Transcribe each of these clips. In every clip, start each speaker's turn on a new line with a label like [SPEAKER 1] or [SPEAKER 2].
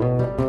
[SPEAKER 1] Thank you.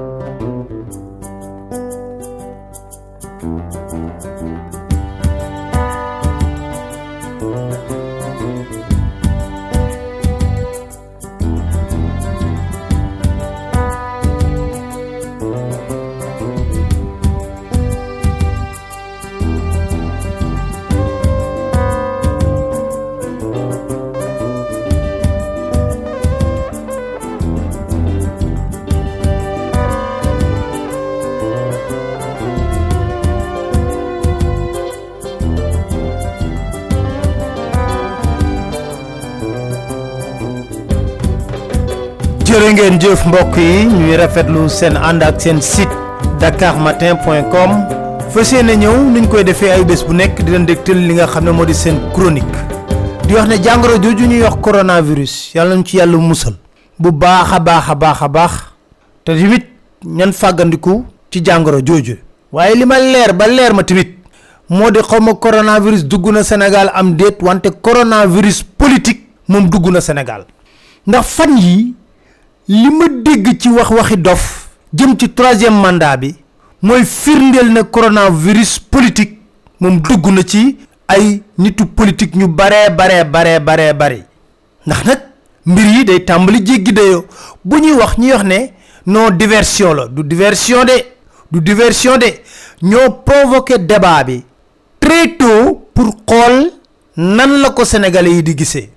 [SPEAKER 2] jërë ngeen jëf mbokk yi ñuy rafetlu seen ànd ak seen site dakarmatin.com fas yéene ñëw nuñ koy defee ay bés bu nekk di leen dégtal li nga xam ne moo di seen chronique di wax ne jàngoro jooju ñuy wax coronavirus yàlla ñu ci yàlla musal bu baax a baax a baax a baax te tamit ñan fàggandiku ci jàngoro jooju waaye li ma leer ba leer ma tamit moo di xaw ma coronavirus dugg na Sénégal am déet wante coronavirus politique moom dugg na Sénégal ndax fan yii li dégg ci wax waxi dof jëm ci troisième mandat bi mooy firndeel na coronavirus politique moom dugg na ci ay nitu politique ñu baree baree baree baree bari ndax nag mbir yi day tàmbali jéggi dayoo bu ñuy wax ñuy wax ne non diversion la du diversion de du diversion de ñoo provoqué débat bi très pour xool nan la ko sénégalais yi di gisee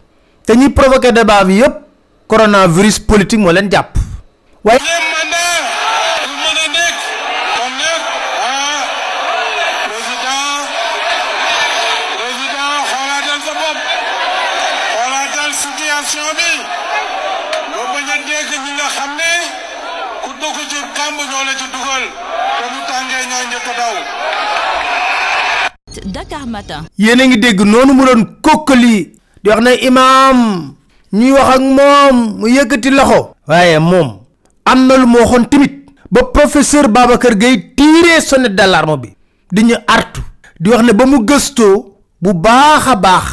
[SPEAKER 2] te ñuy provoqué débat bi yépp coronavirus politique moo leen jàpp waaye
[SPEAKER 3] Dakar Matin.
[SPEAKER 2] yéen a ngi dégg noonu mu doon kokkali di wax ne imaam ñuy wax ak moom mu yëkkati loxo waaye moom am na lu mu waxoon tamit ba professeur Babacar Gueye tiré sonnette d'alarme bi di ñu artu di wax ne ba mu gëstoo bu baax a baax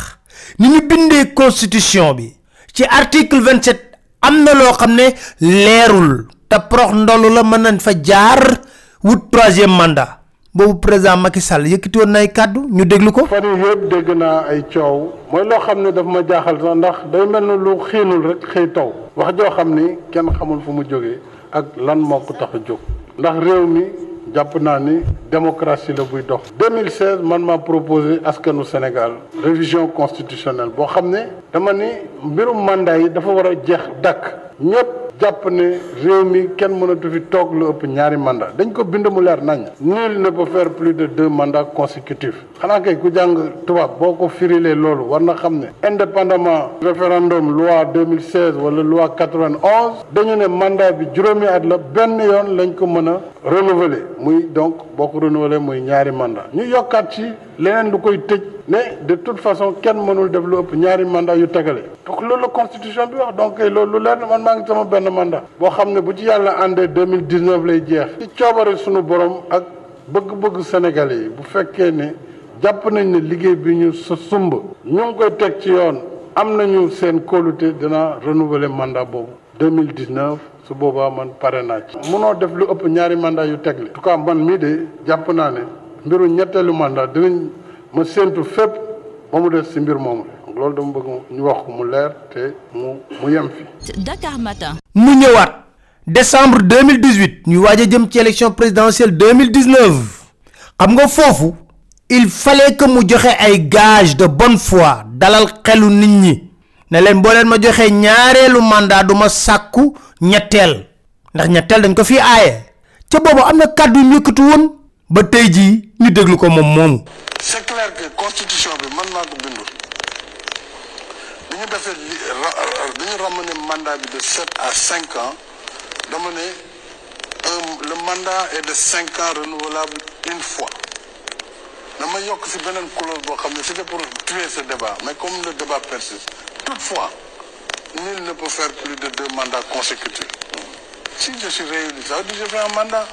[SPEAKER 2] ni ñu bindee constitution bi ci article vingt sept am na loo xam ne leerul te prox ndollu la mën nañ fa jaar wut troisième mandat boobu président Macky Sall
[SPEAKER 4] yëkkati ay kàddu ñu déglu ko. fan yii dégg naa ay coow mooy loo xam ne daf ma jaaxal sax ndax day mel ne lu xiinul rek xëy taw wax joo xam ni kenn xamul fu mu jógee ak lan moo ko tax jóg ndax réew mi. jàpp naa ni démocratie la buy dox 2016 man maa proposé askanu Sénégal révision constitutionnelle boo xam ne dama ni mbirum mandat yi dafa war a jeex dàq ñëpp jàpp ne réew mi kenn mënatu fi toog lu ëpp ñaari mandat dañ ko bind mu leer nañ nul ne peut faire plus de deux mandats consécutifs xanaa kay ku jàng tubaab boo ko firilee loolu war na xam ne indépendament indépendamment référendum mille 2016 wala loi 91 dañu ne mandat bi juróomi at la benn yoon lañ ko mën a renouveler muy donc beaucoup renouveler muy ñaari mandat ñu yokkat ci de toute façon kenn mënul nous ñaari mandat donc loolu constitution bi wax donc loolu lu man maa mandat ne bu ci yàlla 2019 2019, lay jeex ci coobare sénégalais bu ne liggéey bi ñu koy ci renouveler mandat 2019 su man ci. def lu ëpp ñaari mandat yu tout cas man de mbiru mandat
[SPEAKER 3] Dakar Matin.
[SPEAKER 4] mu ñëwaat décembre
[SPEAKER 2] 2018 ñu avons jëm élection présidentielle 2019 xam nga il fallait que mu ay gage de bonne foi dalal xelu nit ñi. ne len bo len ma joxee ñaareelu mandat du ma sàkku ñetteel ndax ñettel dañ ko fi ayé ci bobu amna kaddu kàddu won ba tay ji ñu déglu ko mom mom c'est clair que constitution bi man maa
[SPEAKER 4] ko bindul bi ñu defee mandat bi de 7 à 5 ans dama ne le mandat est de 5 ans renouvelable une fois c'était pour tuer ce débat mais comme le débat persiste toutefois nul ne peut faire plus de deux mandats consécutifs si je suis réélu ça veut dire que je fais un mandat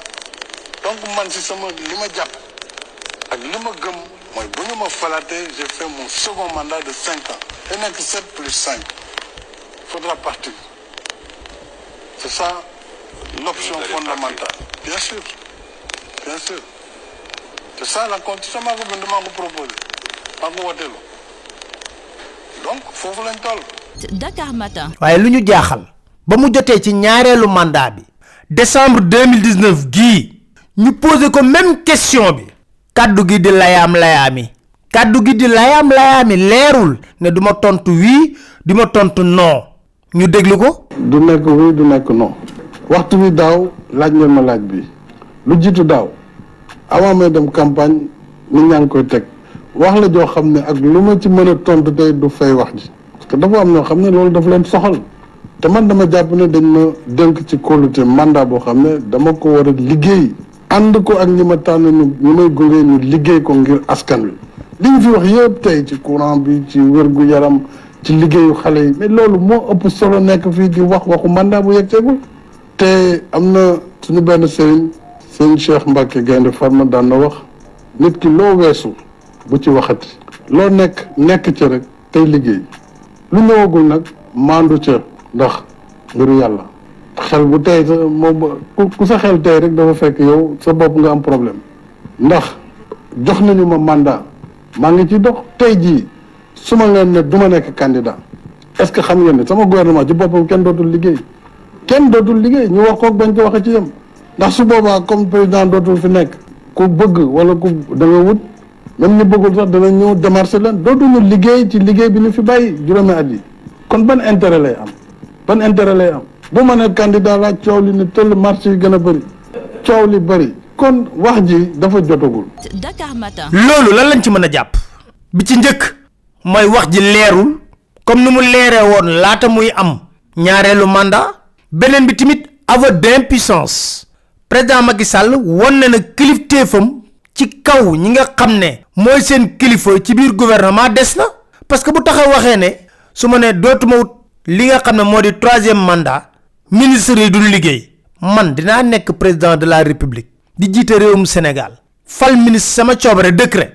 [SPEAKER 4] donc moi, si me me dit, jàpp ak j'ai fait mon second mandat de cinq ans et que sept plus cinq faudra partir c'est ça l'option fondamentale bien sûr bien sûr te ça la constitution maa gouvernement bind maa ko proposé maa donc foofu lañ
[SPEAKER 3] toll. Dakar Matin.
[SPEAKER 2] waaye lu ñu jaaxal ba mu jotee ci le mandat bi. décembre 2019 gi, ñu posé ko même question bi. kaddu gi di layam layami kaddu gi di layam layami leerul ne duma tontu wi
[SPEAKER 4] du tontu non. ñu déglu ko. du nekk oui du nekk non. waxtu wi daw laaj ngeen ma laaj bi lu jitu daw avant may dem campagne nit ñaa ngi koy teg wax la joo xam ne ak lu ma ci mën a tontu tey du fay wax ji parce que dafa am ñoo xam ne loolu dafa leen soxal te man dama jàpp ne dañ ma dénk ci kóolute mandat boo xam ne dama ko war a liggéey ànd ko ak ñi ma tànn ñu ñu may gunge ñu liggéey ko ngir askan wi li ñu fi wax yëpp tey ci courant bi ci gu yaram ci liggéeyu xale yi loolu moo ëpp solo nekk fii di wax waxu mandat bu yegteegul te am na suñu benn sëriñ sëñ Cheikh Mbacke Gaynde Fatma daan na wax nit ki loo weesu bu ci waxati loo nekk nekk ci rek tey liggéey lu ñëwagul nag maandu ca ndax mbiru yàlla xel bu tey sa moom ku sa xel tey rek dafa fekk yow sa bopp nga am problème ndax jox nañu ma mandat maa ngi ci dox tey jii su ma leen ne du ma nekk candidat est-ce que xam ngeen ne sama gouvernement ci boppam kenn dootul liggéey kenn dootul liggéey ñu wax koog bañ ko waxee ci yem ndax su boobaa comme président dootul fi nekk ku bëgg wala ku da nga wut même ñu bëggul sax dana ñëw démarché leen dootuñu liggéey ci liggéey bi ñu fi bàyyi juróomi at yi kon ban intérêt lay am ban intere lay am bu ma nee candidat laa coow li ne tëll marché yi gën a bëri coow li bëri kon wax ji dafa jotagul.
[SPEAKER 3] Dakar Matin.
[SPEAKER 2] loolu lan lañ ci mën a jàpp bi ci njëkk mooy wax ji leerul comme nu mu leeree woon laata muy am ñaareelu mandat beneen bi tamit de d'impuissance président Macky sàll won na nag kilifteefam ci kaw ñi nga xam ne mooy seen kilifa ci biir gouvernement des na parce que bu taxaw waxee ne su ma nee dootuma wut li nga xam ne moo di troisième mandat ministre yi duñ liggéey man dinaa nekk président de la république di jiite réewum Sénégal fal ministre sama coobare décret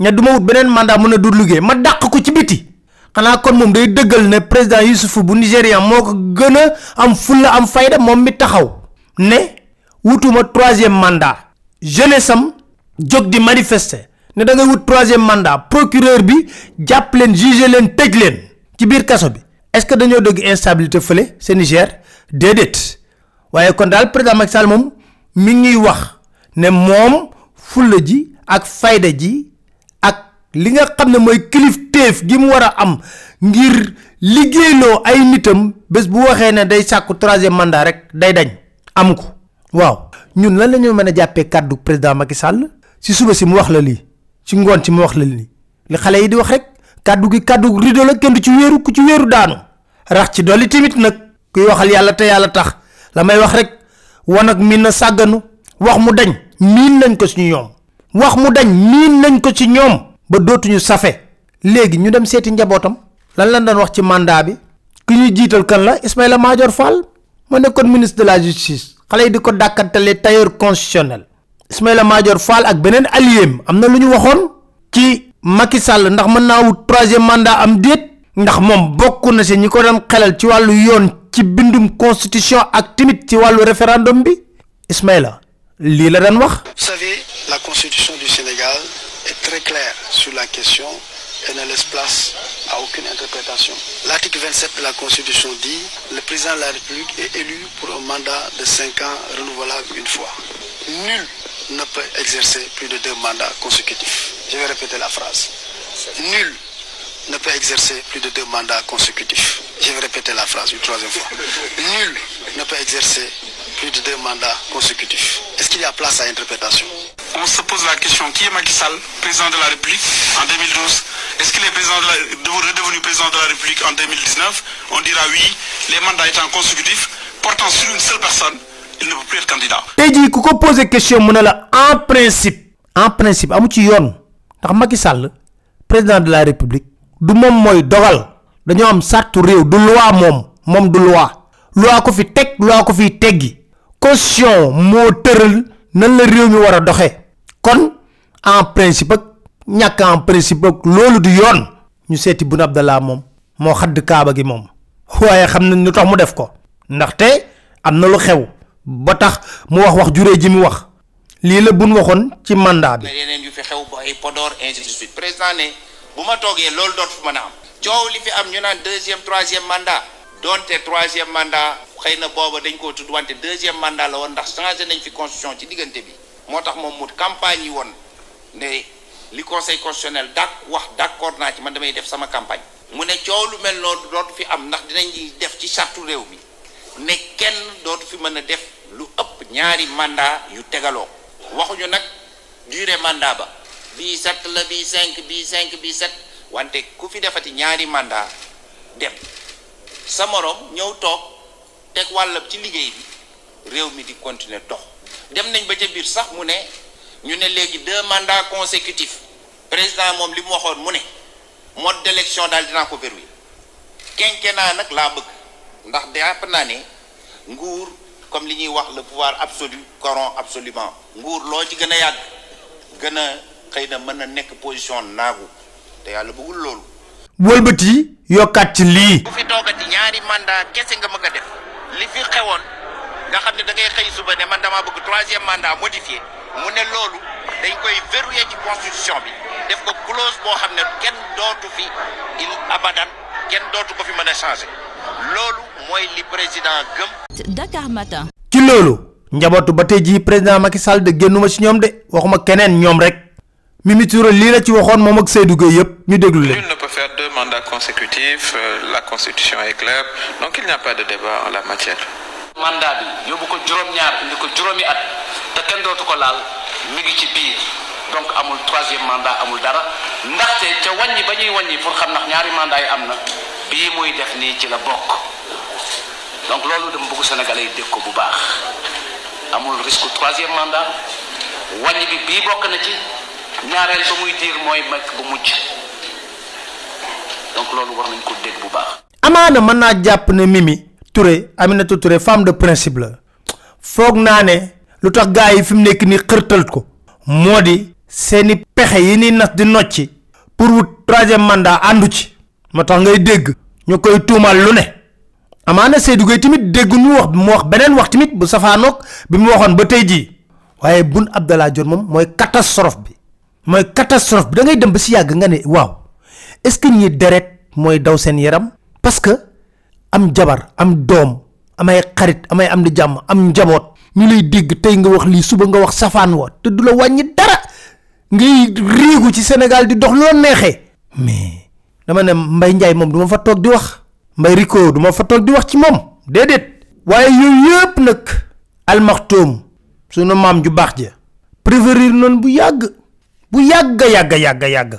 [SPEAKER 2] ña du ma wut beneen mandat mën a du liggéey ma dàq ko ci biti xanaa kon moom day dëggal ne président Youssoufou bu Nigérian moo ko gën a am fulla am fayda moom mi taxaw wutuma troisième mandat Je ne sais di manifester ne da ngay troisième mandat procureur bi japp len juger len est-ce que dañu deug instabilité feulé c'est Niger kon le président Macky Sall ne mom ji ak fayda ji ak li nga am ngir liggéeyloo ay nitam bés bu ne day troisième mandat rek day dañ waaw ñun lan lañu mën a jàppee kàddu président Macky Sall si suba si mu wax la lii ci ngoon si mu wax la lii li xale yi di wax rek kàddu gi kàddu rido la kenn du ci wéeru ku ci wéeru daanu rax ci dolli tamit nag kuy waxal yàlla te yàlla tax la may wax rek wan ak miin na sàgganu wax mu dañ miin nañ ko si ñoom wax mu dañ miin nañ ko si ñoom ba dootuñu safe léegi ñu dem seeti njabootam lan lañ doon wax ci mandat bi ki ñuy jiital kan la Ismaïla Madior Fall moo nekkoon ministre de la justice xale yi di ko dàkkantale tailleur constitutionnel Ismaïla major Fall ak benen alliéem amna luñu waxone ci Macky Sall ndax mën naa 3 troisième mandat am déet ndax mom bokku na ci ñi ko doon xelal ci walu yoon ci bindum constitution ak timit ci walu référendum bi Ismaïla li la daan wax. Vous savez, la constitution du Sénégal est très claire sur la question et ne laisse place à aucune interprétation. L'article 27 de la Constitution dit le président de la République est élu pour un mandat de 5 ans renouvelable une fois. Nul ne peut exercer plus de deux mandats consécutifs. Je vais répéter la phrase. Nul ne peut exercer plus de deux mandats consécutifs. Je vais répéter la phrase une troisième fois. Nul ne peut exercer plus de deux mandats
[SPEAKER 4] consécutifs.
[SPEAKER 2] Est-ce qu'il y a place à interprétation
[SPEAKER 4] On se pose la question qui est Macky Sall, président de la République en 2012 est-ce qu'il est présidents de redevenu président de la République en 2019 On dira oui, les mandats étant consécutifs, portant sur une seule personne, il ne peut plus être candidat.
[SPEAKER 2] Et jii ku ko posé question mu en principe en principe à Moutillon, yoon Macky Sall président de la République du moom mooy dogal dañoo am sàrtu réew du loi mom, mom du loi loi ko fi teg loi ko fi teggi caution moteur, tëral nan la réew mi war kon en principe ñàkk en principe loolu du yoon ñu seeti Boun Abdallah moom moo xadd kaaba gi moom waaye xam nañ nu tax mu def ko ndaxte am na lu xew ba tax mu wax wax juree ji mu wax lii la bun waxoon ci mandat bi. yeneen yu fi
[SPEAKER 3] xew ba ay Podor ainsi de ne bu ma toogee loolu doot mën a am coow li fi am ñu naan deuxième troisième mandat doonte troisième mandat xëy na booba dañ koo tudd wante deuxième mandat la woon ndax changé nañ fi constitution ci diggante bi moo tax moom mu campagne yi woon li conseil constitutionnel dak wax d'accord naa ci man damay def sama campagne mu ne coow lu mel noonu dootu fi am ndax dinañ def ci sartu réew mi ne kenn dootu fi mën a def lu ëpp ñaari mandat yu tegaloo waxuñu nag durée mandat ba bii sept la bii cinq bii cinq bii sept wante ku fi defati ñaari mandat dem sa moroom ñëw toog teg wàllab ci liggéey bi réew mi di continuer dox dem nañ ba ca biir sax mu ne ñu ne léegi deux mandats consécutifs président moom li mu waxoon mu ne mode d'élection daal dinaa ko verrouiller naa nag laa bëgg ndax jàpp naa ne nguur comme li ñuy wax le pouvoir absolu corrompt absolument nguur loo ci gën a yàgg gën a xëy na mën na nekk position naagu te yàlla bëggul loolu.
[SPEAKER 2] wëlbati yokkaat ci lii. bu
[SPEAKER 3] fi toogati ñaari mandat kese nga mën a def li fi xewoon nga xam ne da ngay xëy suba ne man damaa bëgg troisième mandat modifié. mu ne loolu dañ koy verrouiller ci constitution bi def ko clause boo xam ne kenn dootu fi il abadan kenn dootu ko fi mën changer loolu mooy li président gëm. Dakar Matin. ci loolu.
[SPEAKER 2] njabootu ba tey jii président Macky Sall de génnuma ci ñoom de waxuma keneen ñoom rek. Mimi Touré lii la ci waxoon moom ak Seydou Gueye yëpp ñu déglu leen. Nul
[SPEAKER 1] ne peut faire deux mandats consécutifs, euh, la constitution est claire, donc il n'y a pas de débat en la matière.
[SPEAKER 3] mandat bi yóbbu ko juróom-ñaar indi ko juróomi at te kenn dootu ko laal mi ngi ci biir donc amul troisième mandat amul dara ndaxte ca wàññi ba ñuy wàññi pour xam ndax ñaari mandat yi am na bii muy def nii ci la bokk donc loolu dama bëgg sénégalais yi dégg ko bu baax amul risque troisième mandat wàññi bi bii bokk na ci ñaareel ba muy diir mooy mag bu mujj donc loolu war nañ ko dégg bu baax
[SPEAKER 2] amaana mën naa jàpp ne mimi Touré Touré femme de principe la l'autre gars fi nekk xërtal ko ni nas di nocci pour troisième mandat andu ci moo tax ngay dégg ñu koy tuumal lu ne amaana Seydou Gueye tamit dégg Abdallah catastrophe bi catastrophe bi da ngay est-ce que ñi daw yaram parce que am jabar am Dom, am ay xarit am ay am di jam am njabot ñu lay dégg tey nga wax lii suba nga wax safaan wa te du la wàññi dara ngay riigu ci sénégal di dox loo neexee mais dama ne mbay njaay moom duma fa toog di wax mbay rico duma fa toog di wax ci moom déedéet waaye yooyu yépp nag almaxtoom suñu maam ju baax ja préférir noonu bu yàgg bu yàgg yàgg yàgg yàgg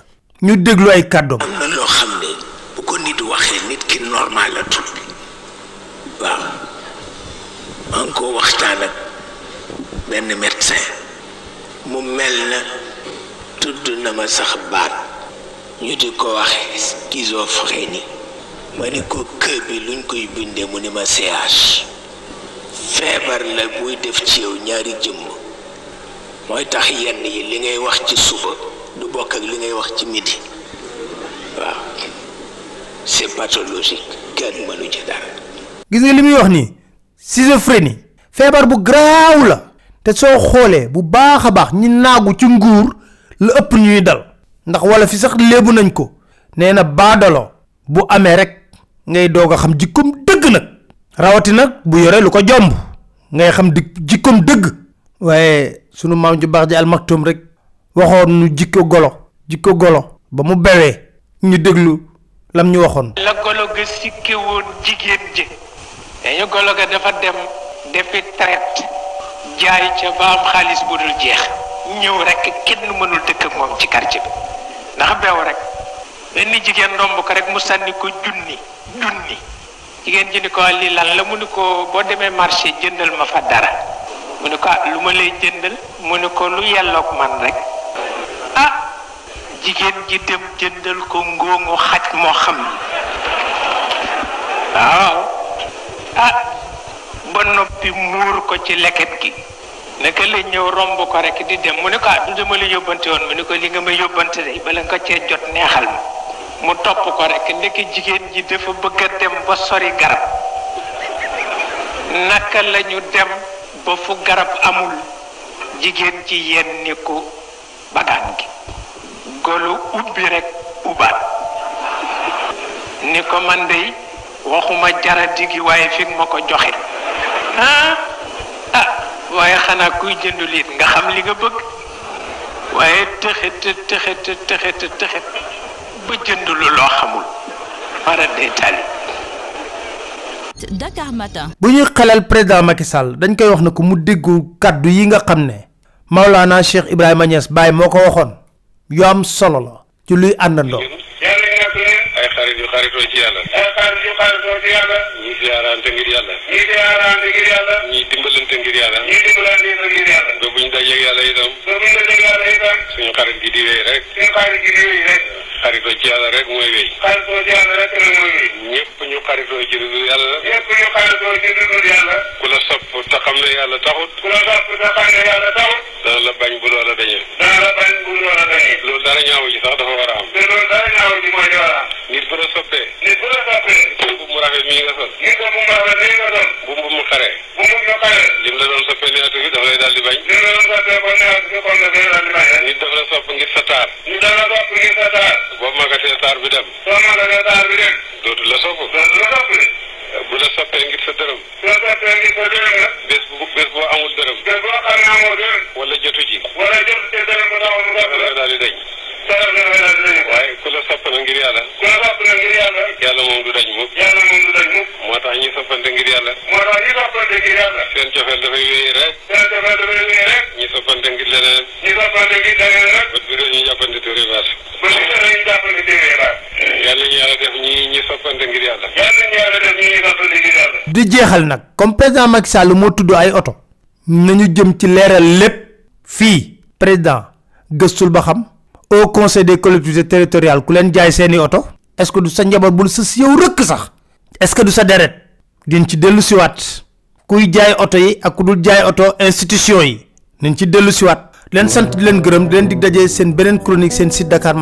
[SPEAKER 2] ñu déglu ay kàddoom am
[SPEAKER 1] na loo xam ne bu ko nit waxee nit ki normal la tudd waaw maa ngi koo waxtaan ak benn médecin mu mel na tudd na ma sax baat ñu di ko waxe schizophrénie ma ni ko kër bi luñ koy bindee mu ni ma CH feebar la buy def ci yow ñaari jëmm mooy tax yenn yi li ngay wax ci suba du bokk ak li ngay wax ci midi waaw c'est pathologique kenn mënu ci
[SPEAKER 2] gis nga li muy wax nii schizophrénie feebar bu garaaw la te soo xoolee bu baax a baax ñi naagu ci nguur la ëpp ñuy dal ndax wala fi sax léebu nañ ko nee na baadolo bu amee rek ngay doog a xam jikkoom dëgg nag rawati nag bu yore lu ko jomb ngay xam di jikkoom dëgg waaye sunu maam ju baax ji almaktum rek waxoon nu jikko golo jikko golo ba mu bewee ñu déglu lam ñu waxoon
[SPEAKER 1] la golo ga sikkewoon jigéen ji dañu golo ga dafa dem defi traite jaay ca ba xaalis bu dul jeex ñëw rek kenn mënul dëkk ak moom ci quartier bi ndax beew rek benn jigéen romb ko rek mu sànni ko junni junni jigéen ji ni ko ah, lii lan la mu ni ko boo demee marché jëndal ma fa dara mu ne ko ah lu ma lay jëndal mu ne ko lu yelloog man rek ah jigéen ji dem jëndal ko ngóongu xaj moo xam waaw ah ba noppi muur ko ci leket gi naka la ñëw romb ko rekk di dem mu ne ko ah du la yóbbante woon mu ne ko li nga may yóbbante day bala nga cee jot neexal ma mu topp ko rek ndeke jigéen ji dafa bëgg dem ba sori garab naka lañu dem ba fu garab amul jigéen ci yenni ko bagaan gi golo ubbi rek ubaat ni ko man dey waxuma jara digi waaye fik mako joxe ah ah waaye xanaa kuy jënd liit nga xam li nga bëgg waye tëxet tëxet tëxet tëxet ba jënd lu xamul para detal
[SPEAKER 2] Dakar matin bu ñuy xelal président Macky Sall dañ koy wax na ko mu déggu kaddu yi nga xam Maulana Cheikh Ibrahima Niass bay moko waxon yu am solo la ci luy àndandoo
[SPEAKER 4] xaritoo ci yàlla. xaritoo xaritoo ci yàlla. ñii siyaaraante ngir yàlla. ñii siyaaraante ngir yàlla. ñii dimbalante ngir yàlla. ñii dimbalante ngir yàlla. ba buñ dajeeg yàlla itam. ba buñ dajeeg yàlla itam. suñu xarit gi di wéy rek. suñu xarit gi di wéy rek. xaritoo ci yàlla rek mooy wéy. xaritoo ci yàlla rek mooy wéy. ñëpp ñu xaritoo ci dudul yàlla. ñëpp ñu xaritoo ci dudul yàlla. ku la sopp te xam ne yàlla taxut. ku la sopp te xam ne yàlla taxut. dana la bañ bu loola dañee. ku la soppala ngir yàlla. ku la soppala ngir yàlla. yàlla moom du daj mukk. yàlla moom du daj mukk. moo tax ñu soppante ngir yàlla. moo
[SPEAKER 2] di jeexal nag comme président Macky Sall moo tudd ay oto. nañu jëm ci leeral lépp. fii président gëstul ba xam au conseil des collectivités territoriales ku leen jaay seeni auto? est-ce que du sa njaboot bul sës yow sax est-ce que du sa deret din ci dellu kuy jaay auto yi ak dul jaay auto institution yi nañ ci len len dig dajé sen benen chronique sen site dakar